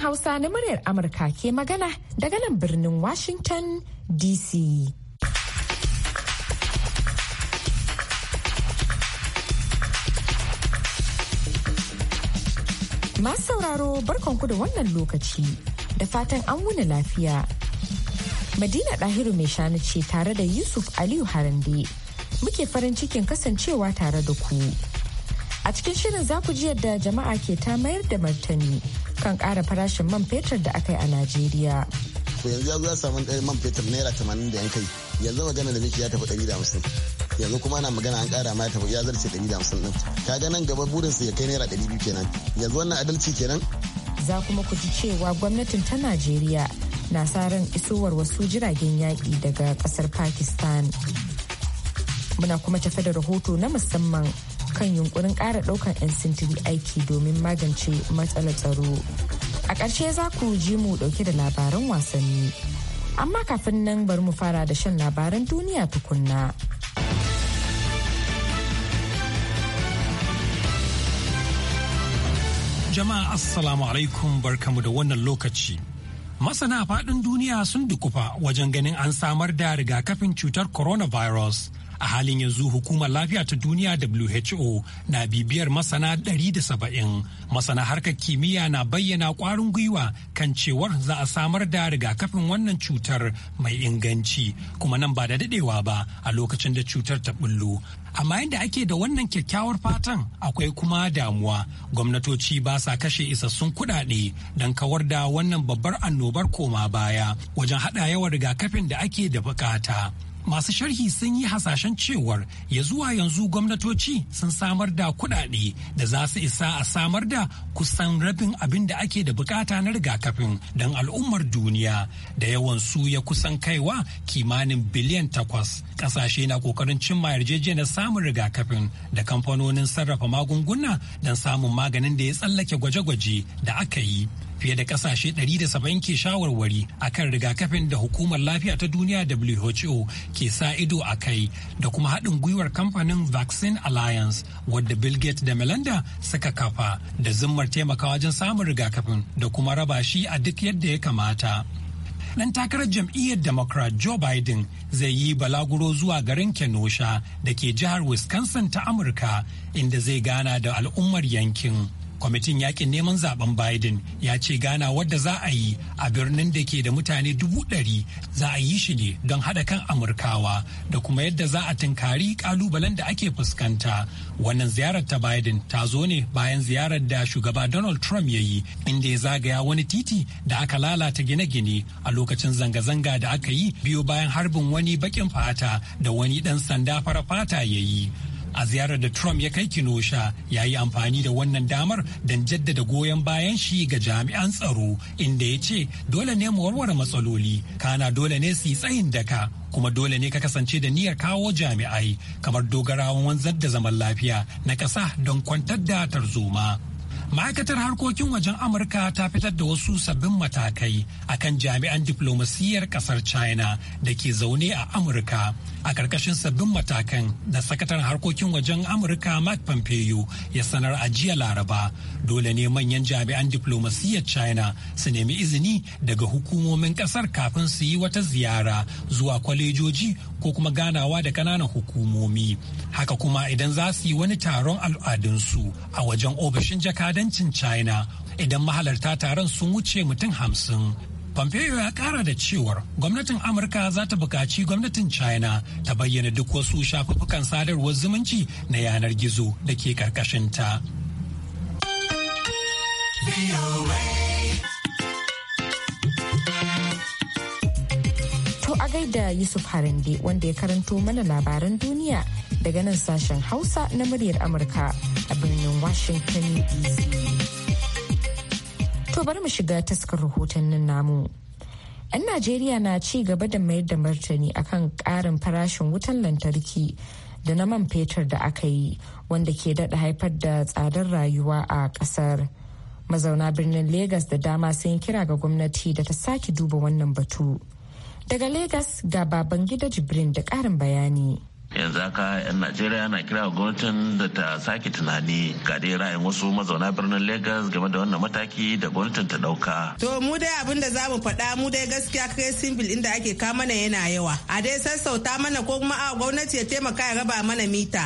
Hausa na muryar Amurka ke magana daga nan birnin Washington DC. Masu sauraro barkanku da wannan lokaci da fatan an wuni lafiya. Madina Ɗahiru mai shanu ce tare da Yusuf Aliyu Harande muke farin cikin kasancewa tare da ku. A cikin shirin zaku ku ji yadda jama'a ke ta mayar da martani kan ƙara farashin man fetur da aka yi a Najeriya. To yanzu ya zo ya samu ɗari man fetur naira tamanin da yankai yanzu magana da miki ya tafi ɗari da hamsin. yanzu kuma ana magana an kara ma tafi ya zarce ɗin. Ka ga nan gaba burin su ya kai naira ɗari biyu kenan yanzu wannan adalci kenan za kuma ku ji cewa gwamnatin ta Najeriya na sa ran isowar wasu jiragen yaƙi daga ƙasar Pakistan muna kuma tafe da rahoto na musamman kan yunkurin ƙara ɗaukar 'yan sintiri aiki domin magance matsalar tsaro. A ƙarshe za ku ji mu ɗauke da labaran wasanni. Amma kafin nan bari mu fara da shan labaran duniya tukunna. Jama'a Assalamu alaikum barkamu da wannan lokaci. Masana faɗin duniya sun dukufa wajen ganin an samar da rigakafin cutar coronavirus a halin yanzu hukumar lafiya ta duniya who na bibiyar masana 170 masana harkar kimiyya na bayyana kwarin gwiwa kan cewar za a samar da rigakafin wannan cutar mai inganci kuma nan ba da dadewa ba a lokacin da cutar ta bullo amma yadda ake da wannan kyakkyawar fatan akwai kuma damuwa gwamnatoci ba sa kashe isassun kuɗaɗe don kawar da wannan babbar annobar koma baya wajen haɗa yawan rigakafin da ake da bukata. masu sharhi sun yi hasashen cewar ya zuwa yanzu gwamnatoci sun samar da kuɗaɗe da za su isa a samar da kusan rabin abin da ake da bukata na rigakafin don al'ummar duniya da yawan su ya kusan kaiwa kimanin biliyan takwas ƙasashe na ƙoƙarin cimma yarjejeniyar samun rigakafin da kamfanonin sarrafa magunguna don samun maganin da ya tsallake gwaje-gwaje da aka yi fiye da kasashe 170 ke shawarwari akan rigakafin da hukumar lafiya ta duniya WHO ke sa ido a kai da kuma haɗin gwiwar kamfanin Vaccine Alliance wadda Bill Gates da Melinda suka kafa da zimmar taimakawa wajen samun rigakafin da kuma raba shi a duk yadda ya kamata. ɗan takarar jam'iyyar democrat joe biden zai yi balaguro zuwa garin kenosha da ke jihar wisconsin ta amurka inda zai gana da al'ummar yankin kwamitin yakin neman zaben biden ya ce gana wadda za a yi a birnin da ke da mutane dubu ɗari za a yi shi ne don haɗa kan amurkawa da kuma yadda za a tunkari kalubalen da ake fuskanta wannan ziyarar ta biden ta zo ne bayan ziyarar da shugaba donald trump ya yi inda ya zagaya wani titi da aka lalata gine-gine a lokacin zanga-zanga da aka yi biyo bayan harbin wani bakin fata da wani ɗan sanda fara fata ya yi a ziyarar da Trump ya kai Kinosha ya yi amfani da wannan damar don jaddada goyon bayan shi ga jami'an tsaro inda ya ce dole ne mu warware matsaloli kana dole ne su yi tsayin daka kuma dole ne ka kasance da niyyar kawo jami'ai kamar dogarawan wanzar da zaman lafiya na ƙasa don kwantar da tarzoma. ma'aikatar harkokin wajen amurka ta fitar da wasu sabbin matakai akan jami'an diflomasiyyar kasar china da ke zaune a amurka a karkashin sabbin matakan da sakataren harkokin wajen amurka mark pompeo ya sanar a jiya laraba dole ne manyan jami'an diplomasiyyar china su nemi izini daga hukumomin kasar kafin su yi wata ziyara zuwa kwalejoji ko kuma ganawa da kananan hukumomi haka kuma idan za su yi wani taron al'adunsu a wajen ofishin jakadar kudancin China idan mahalarta taron sun wuce mutum hamsin. Pompeo ya kara da cewar gwamnatin Amurka za ta buƙaci gwamnatin China ta bayyana duk wasu shafuffukan sadarwar zumunci na yanar gizo da ke ƙarƙashinta. da Yusuf Harande wanda ya karanto mana labaran duniya daga nan sashen Hausa na muryar Amurka a birnin Washington DC. To bari mu shiga taskar rahotannin namu. 'Yan Najeriya na ci gaba da mayar da martani akan ƙarin farashin wutan lantarki da na man fetur da aka yi wanda ke daɗa haifar da tsadar rayuwa a ƙasar. mazauna birnin Legas da dama sun kira ga gwamnati da ta sake duba wannan batu. Daga Legas ga gida Jibrin da ƙarin bayani. yanzu haka yan najeriya na kira gwamnatin da ta sake tunani ga dai ra'ayin wasu mazauna birnin lagos game da wannan mataki da gwamnatin ta dauka to mu dai abin da za mu faɗa mu dai gaskiya kai simbil inda ake kama mana yana yawa a dai sassauta mana ko kuma a gwamnati ya taimaka ya raba mana mita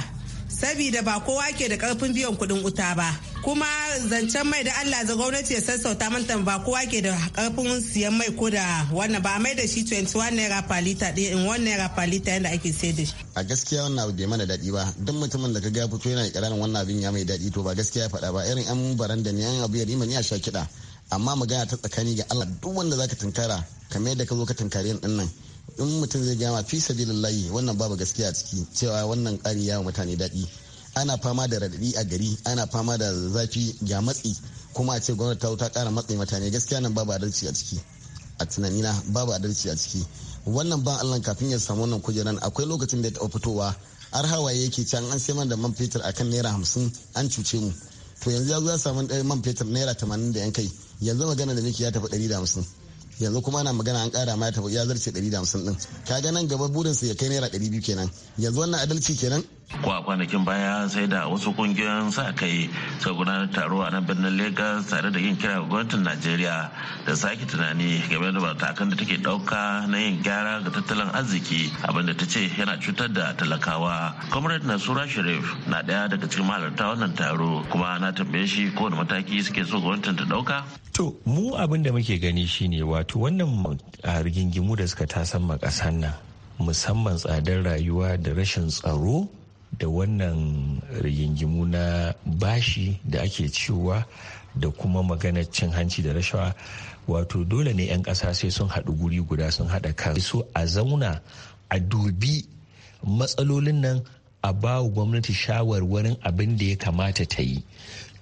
saboda ba kowa ke da karfin biyan kuɗin wuta ba kuma zancen mai da Allah za gwamnati ya sassauta manta ba kowa ke da karfin siyan mai ko da wannan ba mai da shi 21 naira per liter ɗaya in naira per liter yadda ake sai da shi a gaskiya wannan abu bai mana daɗi ba duk mutumin da kaga ya fito yana kiran wannan abin ya mai daɗi to ba gaskiya ya faɗa ba irin yan baranda ne yan abu ya rima ne a sha kiɗa amma magana ta tsakani ga Allah duk wanda zaka tunkara kamar yadda ka zo ka tunkari yan nan in mutum zai gama fi sabilillahi wannan babu gaskiya a ciki cewa wannan kari ya mutane daɗi ana fama da radadi a gari ana fama da zafi ga matsi kuma a ce gwamnati ta ta ƙara matsi mutane gaskiya nan babu adalci a ciki a tunanina babu adalci a ciki wannan ban allah kafin ya samu wannan kujeran akwai lokacin da ya taɓa fitowa har hawaye yake can an sai man da man fetur akan naira hamsin an cuce mu to yanzu ya zo ya samu man fetur naira tamanin da yan kai yanzu magana da muke ya tafi ɗari da hamsin yanzu kuma ana magana an kara ma ya zarce 150 din kaga nan gaba burinsa ya kai naira 200 kenan yanzu wannan adalci kenan ko a kwanakin baya sai da wasu kungiyoyin sa kai sa gudanar taro a nan birnin lagos tare da yin kira ga gwamnatin najeriya da sake tunani game da matakan da take dauka na yin gyara ga tattalin arziki abinda ta ce yana cutar da talakawa comrade nasura sharif na daya daga cikin mahalarta wannan taro kuma na tambaye shi kowane mataki suke so gwamnatin ta dauka to mu abin da muke gani shine wato wannan rigingimu da suka tasamma kasan nan musamman tsadar rayuwa da rashin tsaro da wannan rigingimu na bashi da ake cewa da kuma maganar cin hanci da rashawa wato dole ne 'yan ƙasa sai sun haɗu guri guda sun haɗa kan so a zauna a dubi matsalolin nan a ba wa gwamnati shawarwarin abin da ya kamata ta yi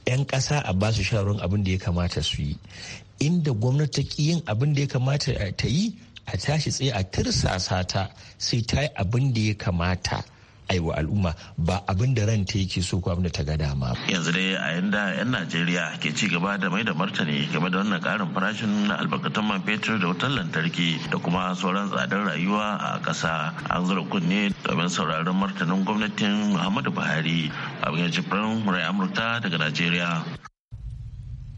'yan ƙasa a ba su shawarwarin abin da ya kamata su yi inda gwamnati ta ƙi yin abin da ya kamata ta yi a tashi tsaye a tirsasa ta sai ta yi abin da ya kamata aiwa al'umma ba abin da ran ranta yake so ko abin da ta ga dama. yanzu dai a yanda 'yan najeriya ke ci gaba da mai da martani game da wannan karin farashin na albarkatun man fetur da wutar lantarki da kuma sauran tsadar rayuwa a ƙasa an zura kunne domin sauraron martanin gwamnatin muhammadu buhari abin ya jibrin amurka daga najeriya.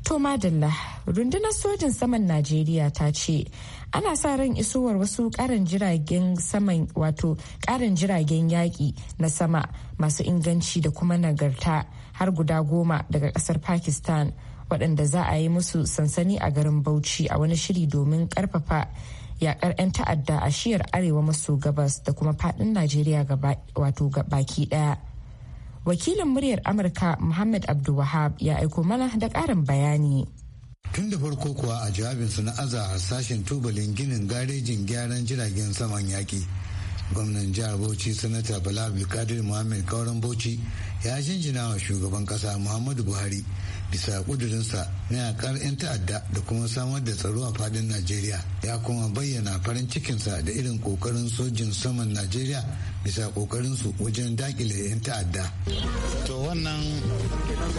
To Madalla, rundunar sojin saman Najeriya ta ce ana sa ran isowar wasu karin jiragen saman wato karin jiragen yaƙi na sama masu inganci da kuma nagarta har guda goma daga ƙasar Pakistan waɗanda za a yi musu sansani a garin Bauchi a wani shiri domin ƙarfafa yakar 'yan ta'adda a shiyar arewa maso gabas da kuma faɗin Najeriya wato baki ɗaya. wakilin muryar amurka muhammad abdulwahab ya aiko mana da karin bayani tun da farko kuwa a jawabinsu na aza harsashen tubalin ginin garejin gyaran jiragen saman yaƙi gwamnan jihar bauchi sanata bala abdulkadir muhammad kauran bauchi ya jinjina wa shugaban kasa muhammadu buhari bisa kudurinsa na yakar 'yan ta'adda da kuma samar da tsaro a fadin najeriya ya kuma bayyana farin cikinsa da irin kokarin sojin saman najeriya bisa kokarinsu wajen dakile 'yan ta'adda to wannan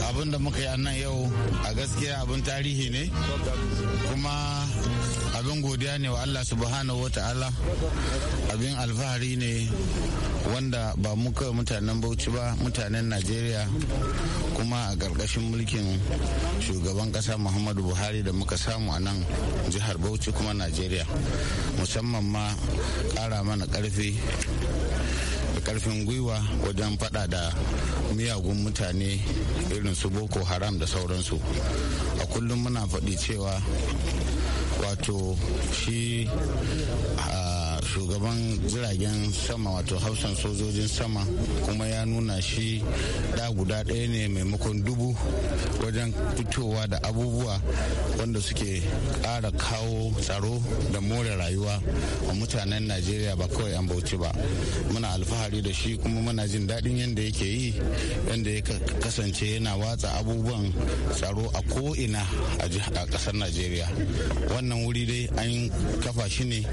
abin da muka yi a nan yau a gaskiya abin tarihi ne kuma abin godiya ne wa Allah subhanahu wa ta'ala abin alfahari ne wanda ba muka mutanen bauchi ba mutanen najeriya kuma a ƙarƙashin mulkin shugaban ƙasa muhammadu buhari da muka samu a nan jihar bauchi kuma najeriya musamman ma ƙara mana ƙarfi da ƙarfin gwiwa wajen faɗa da miyagun mutane irin su boko haram da sauransu a kullum muna faɗi cewa wato shi ah, shugaban jiragen sama wato hausan sojojin sama kuma ya nuna shi da guda ɗaya ne maimakon dubu wajen fitowa da abubuwa wanda suke ƙara kawo tsaro da more rayuwa a mutanen najeriya ba kawai an bauchi ba muna alfahari da shi kuma muna jin daɗin yadda yake yi yadda ya kasance yana watsa abubuwan tsaro a ko'ina a ƙasar najeriya wannan wuri dai an kafa shi ne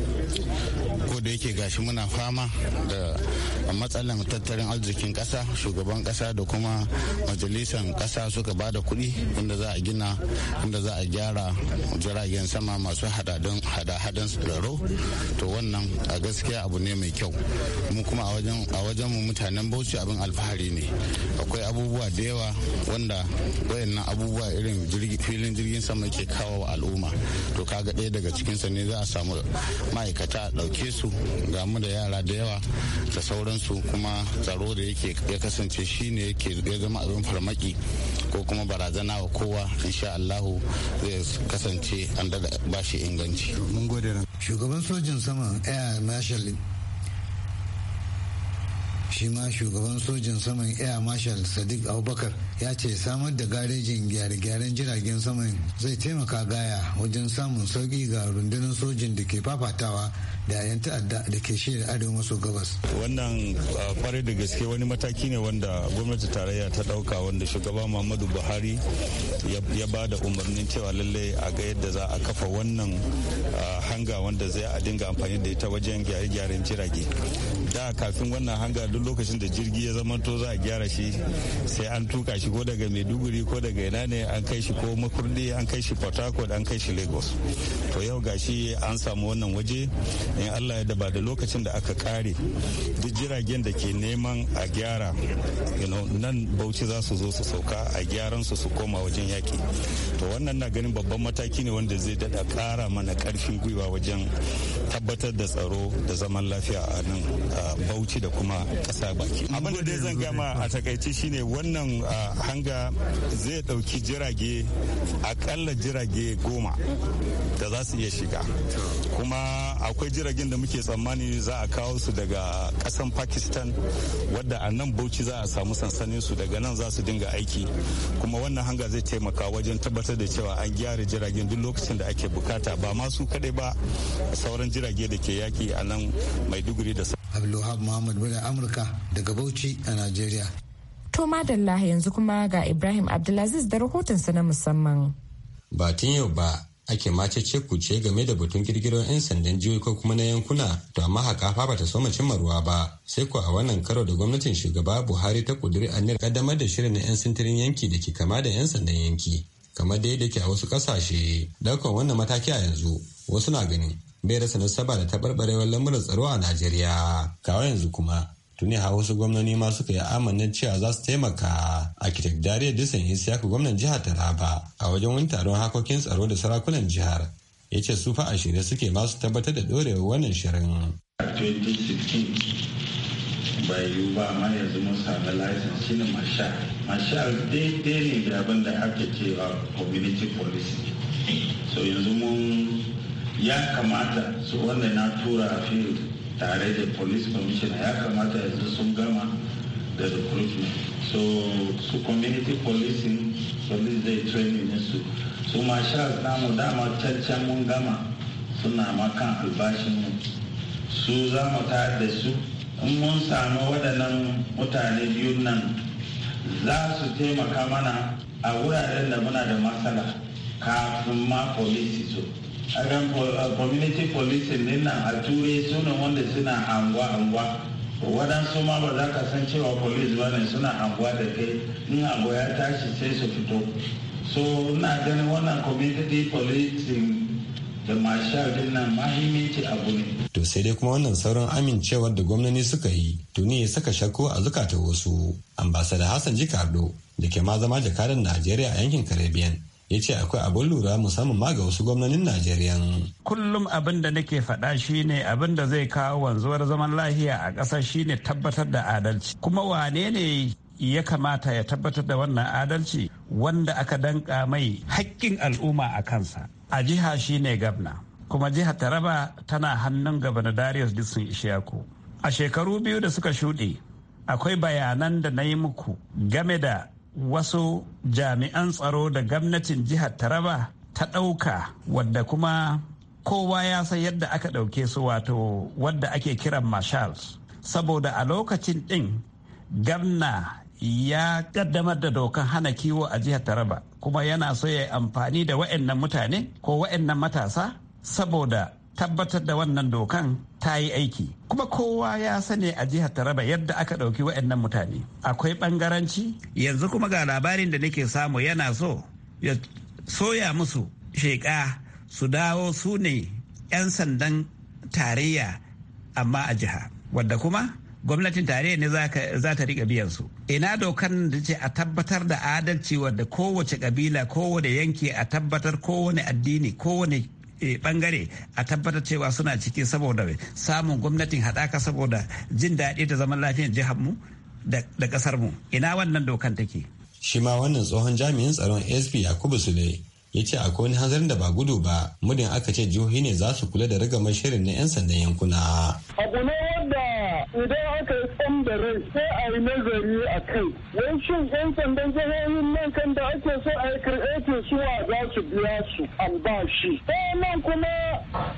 ko da yake gashi muna fama da matsalan tattalin arzikin kasa shugaban kasa da kuma majalisan kasa suka ba da kuɗi inda za a gina inda za a gyara jiragen sama masu hada-hadan tsiraro to wannan a gaskiya abu ne mai kyau mu kuma a wajen mu mutanen bauchi abin alfahari ne akwai abubuwa da yawa wanda wayannan abubuwa irin filin jirgin sama ke kawo wa al'umma to kaga ɗaya daga cikinsa ne za a samu ma'aikata a ɗauke su su ga da yara da yawa da sauransu kuma tsaro da yake ya kasance shine yake ya zama abin farmaki ko kuma barazana wa kowa insha Allahu zai kasance an daga shi inganci. Mun gode Shugaban sojin sama Air Marshal shi ma shugaban sojin saman air marshal sadiq abubakar ya ce samar da garejin gyare-gyaren jiragen saman zai taimaka gaya wajen samun sauki ga rundunar sojin da ke fafatawa da 'yan ta'adda da ke da arewa maso gabas. Wannan ah, kwarai da gaske wani mataki ne wanda gwamnati tarayya ta dauka wanda shugaba Muhammadu Buhari ya ba da umarnin cewa lallai a ga yadda za a kafa wannan ah, hanga wanda zai a dinga amfani da ita wajen gyare-gyaren jirage. Da kafin wannan hanga duk lokacin da jirgi ya zama to za a gyara shi sai an tuka shi ko daga Maiduguri ko daga ina ne an kai shi ko makurdi an kai shi Port an kai shi Lagos. To yau gashi an samu wannan waje in allah ya daba da lokacin da aka kare duk jiragen da ke neman a gyara nan bauchi za su zo su sauka a gyaran su su koma wajen yaki to wannan na ganin babban mataki ne wanda zai dada kara mana karfin gwiwa wajen tabbatar da tsaro da zaman lafiya a nan bauchi da kuma kasa baki abin da dai zan gama a takaice shine wannan hanga zai dauki jirage akalla jirage goma da za su iya shiga kuma akwai jiragen da muke tsammani za a kawo su daga kasan pakistan wadda a nan bauchi za a samu sansanin su daga nan za su dinga aiki kuma wannan hanga zai taimaka wajen tabbatar da cewa an gyara jiragen duk lokacin da ake bukata ba masu su kadai ba sauran jirage da ke yaki a nan maiduguri da muhammad amurka daga bauchi a nigeria to madalla yanzu kuma ga ibrahim abdulaziz da rahotonsa na musamman ba tun yau ba ake mace ce kuce game da batun girgiro 'yan sandan jihohi ko kuma na yankuna to amma haka fa bata soma cimma ruwa ba sai ko a wannan karo da gwamnatin shugaba buhari ta kuduri aniyar kaddamar da shirin na 'yan sintirin yanki da ke kama da 'yan sandan yanki kamar da yake a wasu kasashe daukan wannan mataki a yanzu wasu na ganin bai rasa nasaba da taɓarɓarewar lamuran tsaro a najeriya kawai yanzu kuma tuni a wasu gwamnoni ma suka yi amanin cewa za su taimaka architect dariya disan isiyaku gwamnan jihar taraba a wajen wani taron hakokin tsaro da sarakunan jihar ya ce su fa a shirye suke masu tabbatar da ɗorewar wannan shirin. 2016 bai yiwu ba amma yanzu mun sami shi ne marshal marshal daidai ne da abin da ake cewa community policy so yanzu mun ya kamata su wanda na tura field tare da police commissioner ya kamata yanzu sun gama da recruitment so su community policing police day training su su sha zamu dama cancan mun gama suna makan albashin su za mu tayar da su in mun samu waɗannan mutane biyu nan za su taimaka mana a wuraren da muna da matsala kafin ma polisi so akan uh, community policing din nan a turai sunan wanda suna anguwa anguwa wadansu ma ba za ka san cewa police ba ne suna anguwa da kai in anguwa ya tashi sai su fito so na ganin wannan community policing da marshal din nan mahimmanci abu ne. To sai dai kuma wannan sauran amincewar da gwamnati suka yi tuni ya saka shakku a zukata wasu. Ambasada Hassan Jikardo da ke ma zama jakadan Najeriya a yankin Caribbean ya ce akwai abin lura musamman ma ga wasu gwamnonin najeriya kullum abin da nake faɗa shine abin da zai kawo wanzuwar zaman lahiya a ƙasa shine tabbatar da adalci kuma wane ne ya kamata ya tabbatar da wannan adalci wanda aka danka mai haƙƙin al'umma a kansa a jiha shine gabna kuma jiha taraba tana hannun gabana darius dixon ishaku a shekaru biyu da suka shuɗe akwai bayanan da na yi muku game da wasu jami'an tsaro da gwamnatin jihar taraba ta ɗauka wadda kuma kowa ya san yadda aka ɗauke su wato wadda ake kiran marshals saboda a lokacin ɗin gamna ya kaddamar da dokan hana kiwo a jihar taraba kuma yana so ya yi amfani da wa'annan mutane ko wa'annan matasa saboda tabbatar da wannan dokan ta yi aiki kuma kowa ya sani a jihar taraba yadda aka ɗauki wa'annan mutane akwai ɓangaranci yanzu kuma ga labarin da nake samu yana so ya soya musu sheƙa su dawo su ne 'yan sandan tarayya amma a jiha wadda kuma gwamnatin tarayya ne za ta riƙa biyan su ina dokan da ce a tabbatar da adalci wadda kowace kabila kowane yanki a tabbatar kowane addini kowane Eh, bangare a tabbatar cewa suna ciki saboda samun gwamnatin haɗaka saboda jin daɗi da zaman lafiyar jihar mu da ƙasar mu ina wannan dokan take shi ma wannan tsohon jami'in tsaron sp yakubu sule ya ce akwai wani hanzarin da ba gudu ba mudin aka ce jihohi ne za su kula da rigamar shirin na 'yan sandan yankuna abu ne wanda idan aka daɗan da rai sai a yi nazari a kai wai shin yan sandan jihohin nan kan da ake so a yi kirɗe su wa za su biya su albashi eh, nan kuma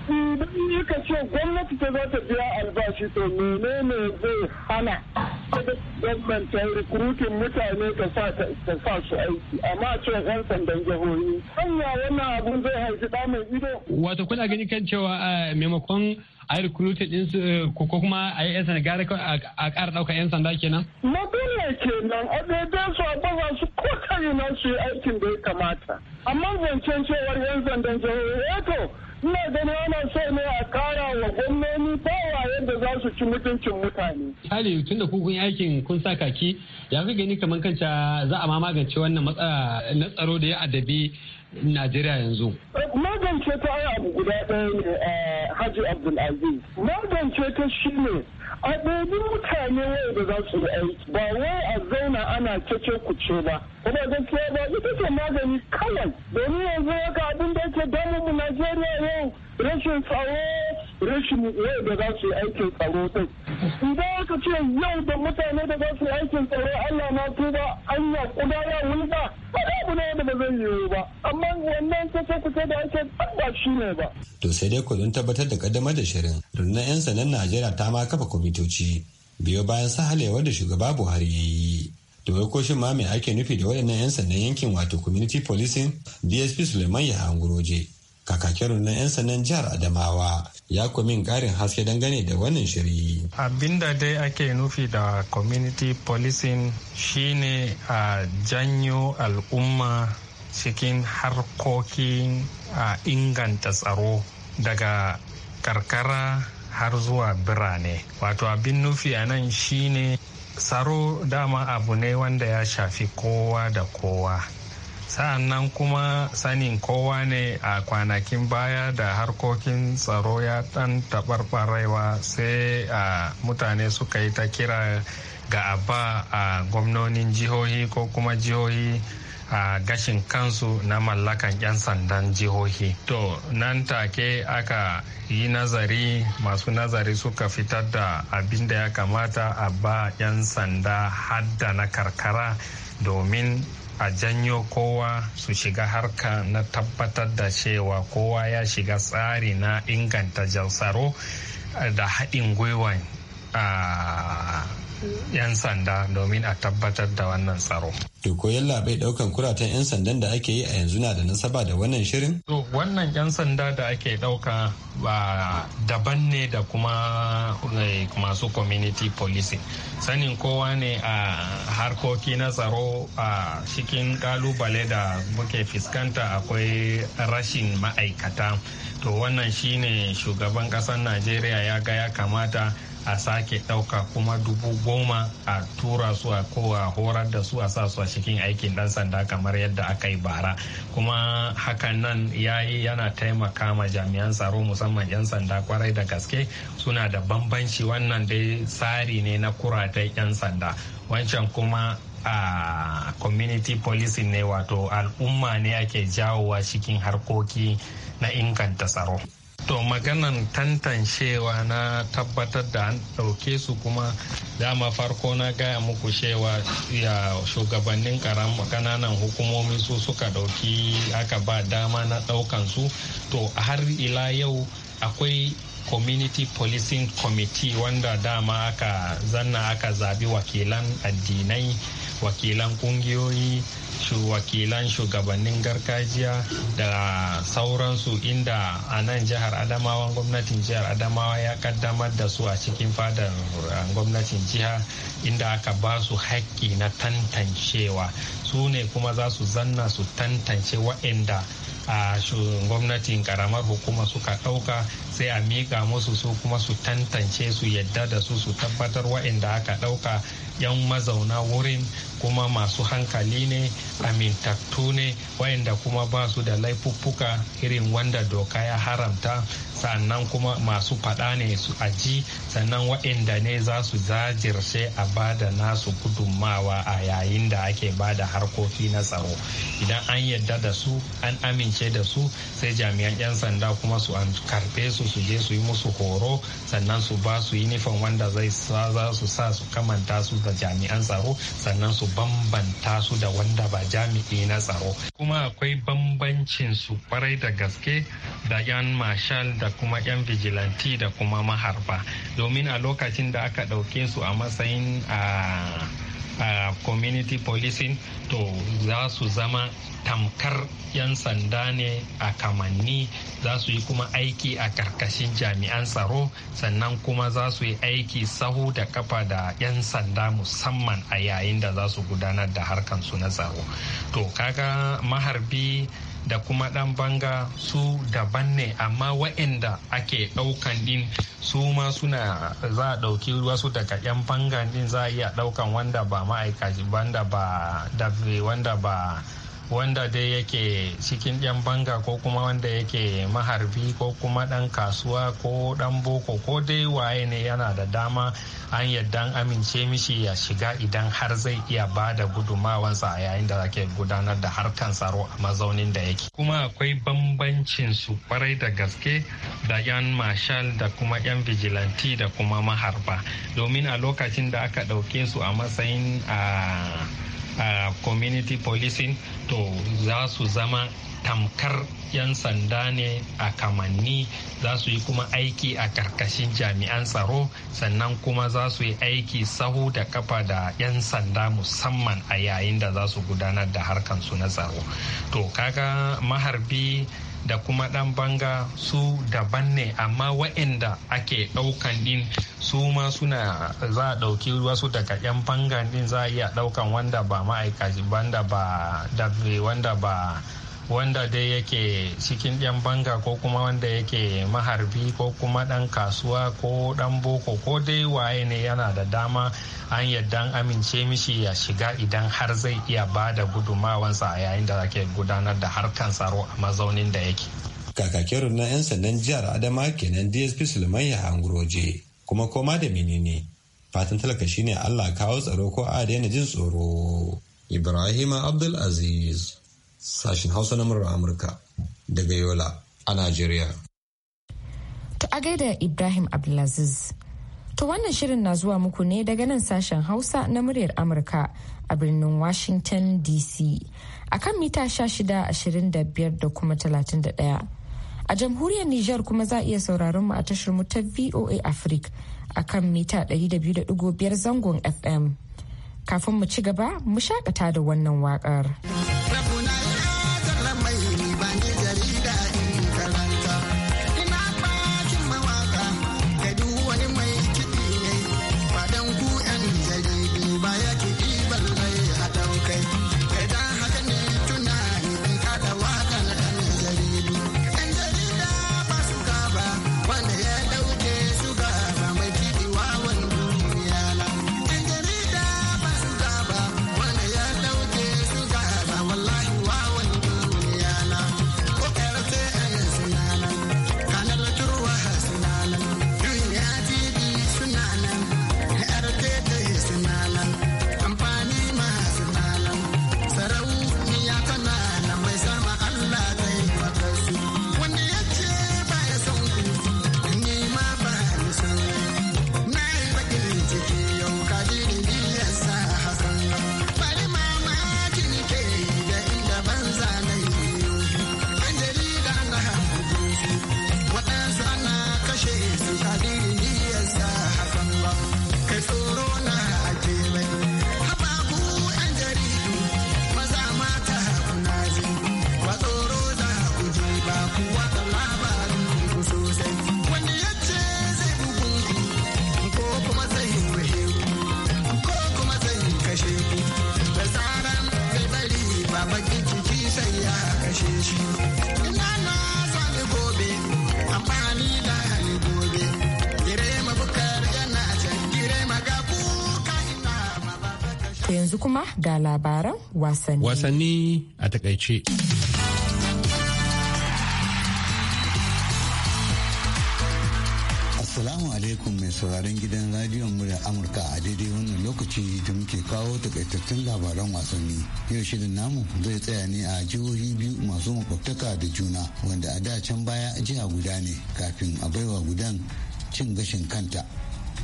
idan ka ce gwamnati ta za ta biya albashi to menene zai hana gwamnan ta rikrutin mutane ta sa su aiki amma ce yan sandan jihohi hanya wannan abun zai haifi ɗa ido wato kuna gani kan cewa eh, maimakon a yi recruiting din su eh, ko kuma a yi yan sanda a ƙara ɗaukar yan sanda kenan. ke nan, a daidai su a baza su ko na su yi aikin da ya kamata. Amma zancen cewar yan sandan jihohi eto eh ina ganin ana so ne a kara wa gwamnoni bawa yadda za su ci mutuncin mutane. hali tun da kun aikin kun sa kaki ya fi gani kamar kanta za a ma magance wannan matsala na tsaro da ya addabi Najeriya yanzu? Magance ta ai abu guda ɗaya ne a eh, Hajji Abdulaziz. Magance ta shi ne a ɗaiɗin mutane wai da za su da aiki ba wai a zauna ana cece kuce ba. Kuma gaskiya ba ita ce magani kawai domin yanzu ga abin da ke damu mu Najeriya yau rashin tsaro rashin yau da za su yi aikin tsaro din idan aka ce yau da mutane da za su yi aikin tsaro allah na tuba an ya kuda ya wulba abu ne da ba zai yi ba amma wannan kusa kusa da ake ba shi ne ba. to sai dai kudin tabbatar da kaddamar da shirin rundunar yan sanan najeriya ta ma kafa kwamitoci biyo bayan sahalewar da shugaba buhari ya yi. to ko shin ma me ake nufi da waɗannan yan sandan yankin wato community policing dsp suleiman ya hanguroje kakakin na 'yan sandan jihar adamawa ya min karin haske dangane da wannan shiri abinda dai ake nufi da community policing shine a janyo al'umma cikin harkokin a inganta tsaro daga karkara har zuwa birane wato abin nufi a nan shine tsaro dama abu ne wanda ya shafi kowa da kowa nan kuma sanin kowa ne a kwanakin baya da harkokin tsaro ya ɗan taɓarɓarewa sai a mutane suka yi ta kira ga abba a gwamnonin jihohi ko kuma jihohi a gashin kansu na mallakan 'yan sandan jihohi. To nan take aka yi nazari masu nazari suka fitar da abin da ya kamata a ba 'yan sanda hadda na karkara domin a janyo kowa su shiga harka na tabbatar da cewa kowa ya shiga tsari na inganta tsaro da haɗin gwiwa a ah, 'yan sanda domin a tabbatar da wannan tsaro. to Dokoyin labai daukan kuratan 'yan sandan da ake yi a yanzu na da nasaba da wannan shirin? To wannan 'yan sanda da ake dauka ba daban ne da kuma eh, masu community policing. Sanin kowa ne a harkoki na tsaro a cikin kalubale da muke fuskanta akwai rashin ma'aikata. To wannan shine shugaban ƙasar Najeriya ya ga ya kamata a sake ɗauka kuma dubu goma a tura su a ko a horar da su a sa su a cikin aikin ɗan sanda kamar yadda aka yi bara kuma hakan nan ya yi yana taimaka ma jami'an tsaro musamman 'yan sanda kwarai da gaske suna da bambanci wannan dai tsari ne na kuratai 'yan sanda wancan kuma a community policing ne wato al'umma ne ake jawowa cikin harkoki na inganta tsaro. To maganan tantancewa na tabbatar da an ɗauke su kuma dama farko na gaya muku cewa ya shugabannin kananan hukumomi su suka ɗauki aka ba dama na ɗaukan su to har ila yau akwai community policing committee wanda dama aka zanna aka zabi wakilan addinai wakilan kungiyoyi wakilan shugabannin gargajiya da sauransu inda a nan jihar adamawa gwamnatin jihar adamawa ya kaddamar da su a cikin fadar eh, gwamnatin jiha inda aka ba su haƙƙi na tantancewa su ne kuma za su zanna su tantance waɗanda a gwamnatin karamar hukuma suka ɗauka sai a miƙa musu su kuma su tantance su yadda da su su tabbatar waɗanda aka ɗauka 'yan mazauna wurin kuma masu hankali ne amintattu ne wayanda kuma ba su da laifuffuka irin wanda doka ya haramta sannan kuma masu faɗa ne su aji sannan wayanda ne za su zajirce a ba da nasu gudummawa a yayin da ake ba da harkoki na tsaro idan an yadda da su an amince da su sai jami'an 'yan sanda kuma su an karbe su su je su yi musu horo sannan su ba su yunifom wanda zai sa su kamanta su da jami'an tsaro sannan su bambanta su da wanda ba jami'i na tsaro kuma akwai bambancin su kwarai da gaske da 'yan marshal da kuma 'yan vigilanti da kuma maharba domin a lokacin da aka ɗauke su a matsayin a community policing to za su zama tamkar 'yan sanda ne a kamanni za su yi kuma aiki a karkashin jami'an tsaro sannan kuma za su yi aiki sahu da kafa da 'yan sanda musamman a yayin da za su gudanar da harkansu na tsaro to kaga maharbi da kuma dan banga su daban ne amma wa'anda ake daukan din su ma suna za a dauki wasu daga yan bangan ɗin za a iya ɗaukan wanda ba ma'aikaci wanda ba wanda ba wanda dai yake cikin yan banga ko kuma wanda yake maharbi ko kuma dan kasuwa ko dan boko ko dai waye ne yana da dama an yadda amince mishi ya shiga idan har zai iya ba da gudumawansa a yayin da ake gudanar da harkan tsaro a mazaunin da yake kuma akwai bambancin su kwarai da gaske da yan marshal da kuma yan vigilante da kuma maharba domin a lokacin da aka dauke su a matsayin a A community policing to za su zama tamkar 'yan sanda ne a kamanni za su yi kuma aiki a karkashin jami'an tsaro sannan kuma za su yi aiki sahu da kafa da 'yan sanda musamman a yayin da za su gudanar da harkansu na tsaro to kaga maharbi da kuma dan banga su daban ne amma waɗanda ake ɗaukan ɗin su ma suna za a ɗauki wasu daga yan banga ɗin za a iya ɗaukan wanda ba ma'aikaci wanda ba wanda ba wanda dai yake cikin yan banga ko kuma wanda yake maharbi ko kuma dan kasuwa ko dan boko ko dai waye ne yana da dama an yadda an amince mishi ya shiga idan har zai iya ba da gudumawansa a yayin da ake gudanar da harkan tsaro a mazaunin da yake kakakin na 'yan sandan jihar adama kenan dsp suleiman ya angroje kuma koma da menene fatan talaka shine allah kawo tsaro ko a daina jin tsoro ibrahima abdulaziz Sashen Hausa na murar Amurka daga Yola a Najeriya. To a gaida Ibrahim Abdulaziz. To wannan shirin na zuwa muku ne daga nan sashen Hausa na muryar Amurka a birnin Washington DC a kan mita 1625 da kuma 31. A jamhuriyar Nijar kuma za a iya sauraron mu a tashar mu ta VOA Africa a kan mita 200.5 zangon FM. Kafin mu ci gaba, mu shaƙata da wannan waƙar. ga labaran wasanni. Wasanni a takaice. Assalamu alaikum mai sauraron gidan radiyon murya Amurka a daidai wannan lokaci da muke kawo takaitattun labaran wasanni. Yau shirin namu zai tsaya ne a jihohi biyu masu makwabtaka da juna wanda a da can baya jiha guda ne kafin a baiwa gudan cin gashin kanta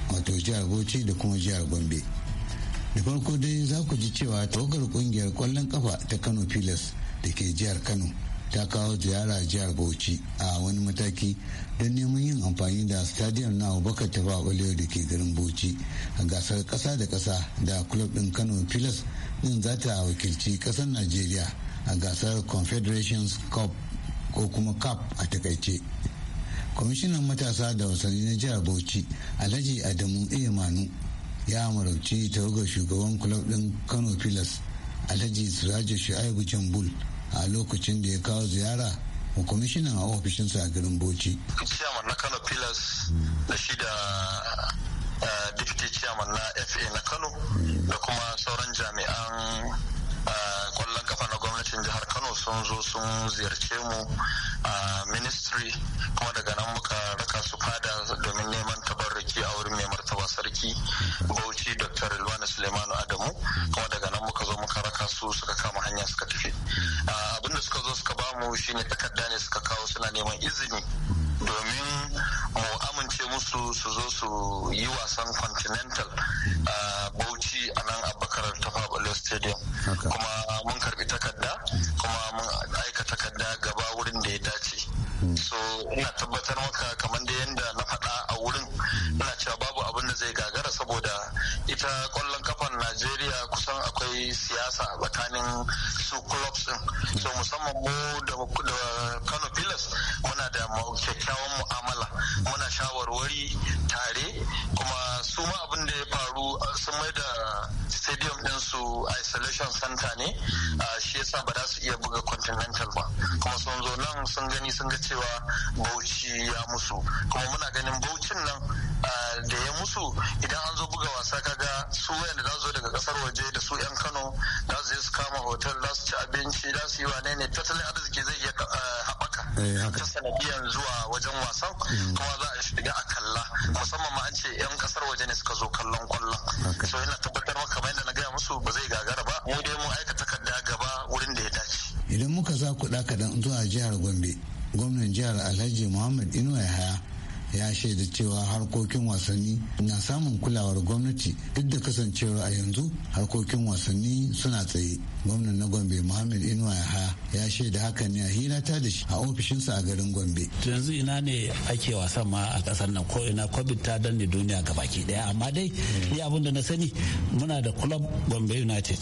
wato jihar Bauchi da kuma jihar Gombe. da farko dai za ku ji cewa tawagar kungiyar kwallon kafa ta kano pilas da ke jihar kano ta kawo ziyara jihar bauchi a wani mataki don neman yin amfani da stadium na abubakar tafa balewa da ke garin bauchi a gasar kasa da kasa da club din kano pilas din za ta wakilci kasar nigeria a gasar confederations cup ko kuma cup a takaice kwamishinan matasa da wasanni na jihar bauchi alhaji adamu imanu. ya amarauci tawagar shugaban kulob ɗin kano pilas alhaji sirajo shu'aibu jambul a lokacin da ya kawo ziyara wa kwamishinan a ofishinsa a garin bauchi chairman na kano pilas da shi da eh, deputy chairman na fa na kano da kuma sauran jami'an eh, kwallon kafa na gwamnatin jihar kano sun zo sun ziyarce mu a eh, ministry kuma daga nan muka raka su fada domin neman sarki a wurin mai martaba sarki bauchi dr rilwana suleimanu adamu kuma daga nan muka zo muka raka su suka kama hanya suka tafi abinda suka zo suka bamu shine takarda ne suka kawo suna neman izini domin mu amince musu su zo su yi wasan continental a bauchi a nan abakarar tafabalo stadium kuma mun karbi takarda kuma mun aika takarda gaba wurin da ya dace hmm. so ina tabbatar maka kamar da yadda ita kwallon kafan najeriya kusan akwai siyasa a tsakanin su clubs din so musamman mu da kano pilas muna da kyakkyawan mu'amala muna shawarwari tare kuma su ma abin da ya faru sun mai da stadium din su isolation center ne shi yasa ba za su iya buga continental ba kuma sun zo nan sun gani sun ga cewa bauchi ya musu kuma muna ganin Bauchin nan da ya musu idan an zo buga wasa kaga su wayanda za zo daga kasar waje da su yan kano za su je su kama hotel za su ci abinci za su yi wane ne tattalin arziki zai iya eh, haɓaka eh, ta sanadiyar zuwa wajen wasan mm. kuma za a shiga a kalla musamman ma an ce yan kasar waje ne suka zo kallon kwallon so yana tabbatar ya shaida cewa harkokin wasanni na samun kulawar gwamnati duk da kasancewar a yanzu harkokin wasanni suna tsaye gwamnan na gombe muhammad inuwa ya haya ya shaida haka ne a hirata da shi a ofishinsa a garin gombe yanzu ina ne ake wasan ma a kasar nan ko ina covid ta danne duniya gabaki daya amma dai ni abin da na sani muna da club gombe united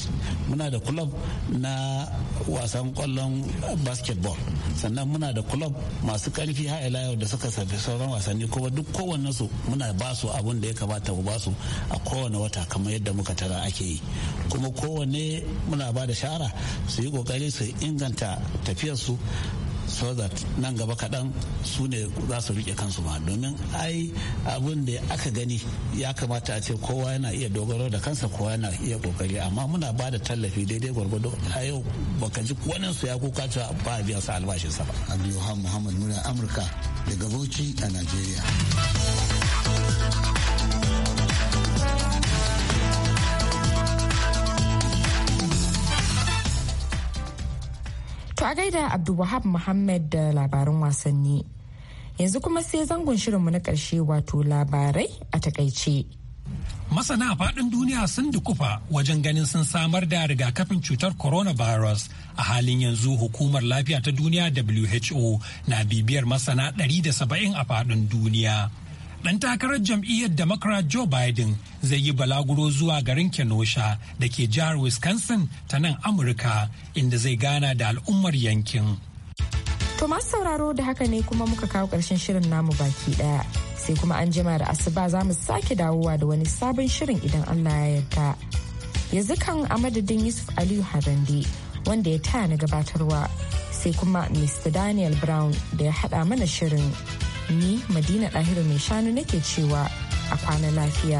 muna da club na wasan kwallon basketball sannan muna da club masu karfi har ila yau da suka sabi sauran wasanni watanni kuma duk kowanne su muna ba su abin da ya kamata mu ba su a kowane wata kamar yadda muka tara ake yi kuma kowanne muna ba da shara su yi kokari su inganta tafiyarsu so nan gaba kaɗan su ne za su rike kansu ma domin ai abin da aka gani ya kamata a ce kowa yana iya dogaro da kansa kowa yana iya kokari amma muna ba da tallafi daidai gwargwado a yau baka ji wani su ya kuka cewa ba a biyan sa sa ba. Abdulhamid Muhammad muna Amurka daga Bauchi a Najeriya. To a gaida Abdulwahab Muhammad da labarin wasanni. Yanzu kuma sai zangon shirinmu na ƙarshe wato labarai a takaice. Masana a faɗin duniya sun dukufa wajen ganin sun samar da rigakafin cutar coronavirus a halin yanzu hukumar lafiya ta duniya WHO na bibiyar masana 170 a faɗin duniya. Ɗan takarar jam'iyyar Democrat Joe Biden zai yi balaguro zuwa garin Kenosha da ke jihar Wisconsin ta nan Amurka inda zai gana da al'ummar yankin. To masu sauraro da haka ne kuma muka kawo ƙarshen shirin namu baki ɗaya. Sai kuma an jima da asuba za mu sake dawowa da wani sabon shirin idan Allah ya yarda. Yanzu kan a madadin Yusuf Aliyu Harande wanda ya taya na gabatarwa sai kuma Mr. Daniel Brown da ya haɗa mana shirin. Ni Madina Dahiru mai shanu nake cewa a kwana lafiya.